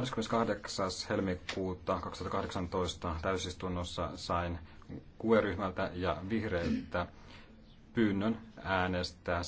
28. helmikuuta 2018 täysistunnossa sain QE-ryhmältä ja vihreiltä pyynnön äänestää